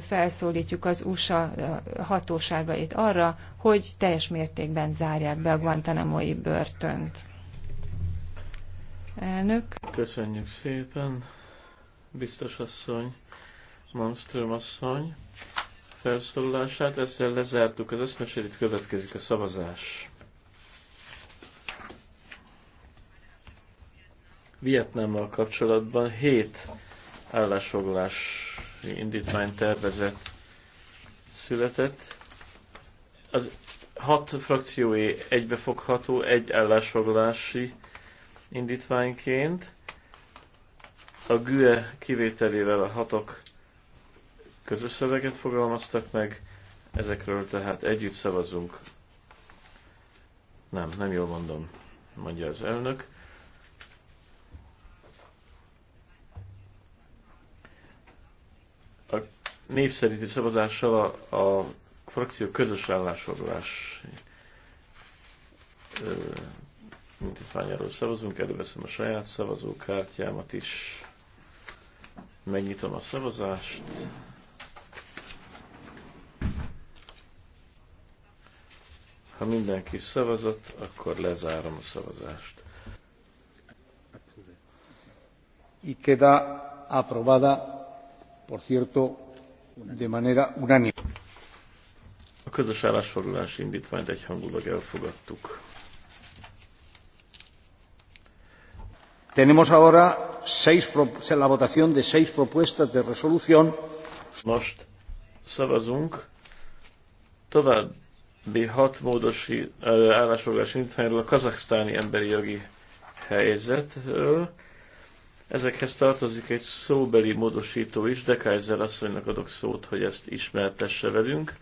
felszólítjuk az USA hatóságait arra, hogy teljes mértékben zárják be a Guantanamo-i börtönt. Elnök. Köszönjük szépen, biztos asszony, Malmström asszony felszólalását. Ezzel lezártuk az eszmesérét, következik a szavazás. Vietnámmal kapcsolatban 7 állásfoglalási indítvány tervezet született. Az hat frakcióé egybefogható egy állásfoglalási indítványként. A GÜE kivételével a hatok közös szöveget fogalmaztak meg, ezekről tehát együtt szavazunk. Nem, nem jól mondom, mondja az elnök. név szerinti szavazással a, a frakció közös állásfoglalás mintítványáról szavazunk, előveszem a saját szavazókártyámat is, megnyitom a szavazást. Ha mindenki szavazott, akkor lezárom a szavazást. Y queda aprobada, por cierto, de manera unánime. A közös állásfoglalási indítványt egyhangulag elfogadtuk. Tenemos ahora seis, la votación de seis propuestas de resolución. Most szavazunk további hat módosi állásfoglalási indítványról a kazaksztáni emberi jogi helyzetről. Ezekhez tartozik egy szóbeli módosító is, de Kaiser asszonynak adok szót, hogy ezt ismertesse velünk.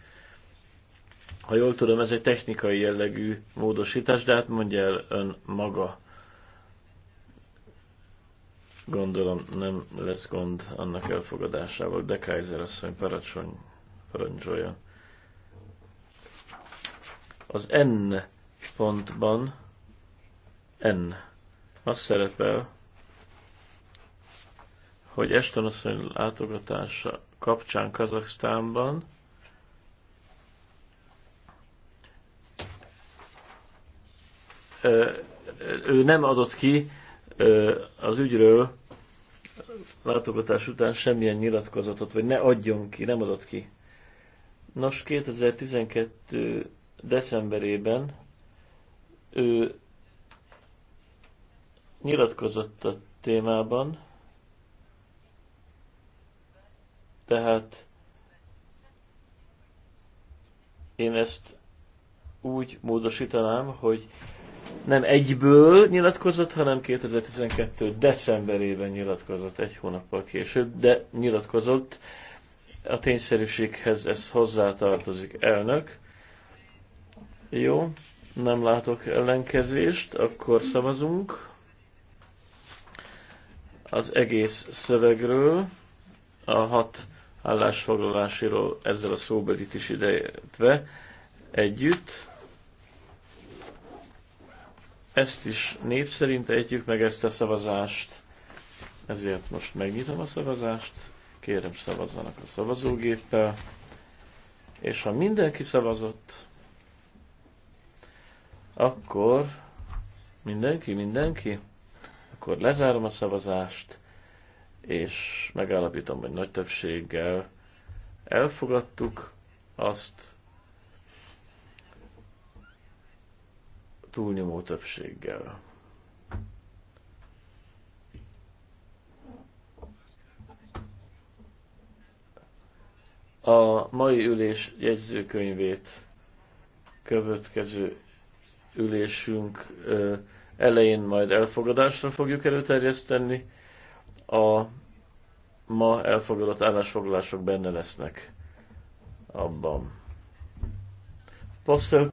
Ha jól tudom, ez egy technikai jellegű módosítás, de hát mondja el ön maga. Gondolom nem lesz gond annak elfogadásával, de Kaiser asszony parancsoljon. parancsoljon. Az N pontban N. Az szerepel, hogy Estonasszony látogatása kapcsán Kazaksztánban ő nem adott ki az ügyről látogatás után semmilyen nyilatkozatot, vagy ne adjon ki, nem adott ki. Nos, 2012. decemberében ő nyilatkozott a témában, Tehát én ezt úgy módosítanám, hogy nem egyből nyilatkozott, hanem 2012. decemberében nyilatkozott, egy hónappal később, de nyilatkozott. A tényszerűséghez ez hozzátartozik elnök. Jó, nem látok ellenkezést, akkor szavazunk az egész szövegről, a hat állásfoglalásiról ezzel a szóbelit is ideértve együtt. Ezt is név szerint együtt meg ezt a szavazást, ezért most megnyitom a szavazást, kérem szavazzanak a szavazógéppel, és ha mindenki szavazott, akkor mindenki, mindenki, akkor lezárom a szavazást, és megállapítom, hogy nagy többséggel elfogadtuk azt túlnyomó többséggel. A mai ülés jegyzőkönyvét következő ülésünk elején majd elfogadásra fogjuk előterjeszteni, a ma elfogadott állásfoglalások benne lesznek abban. Posszel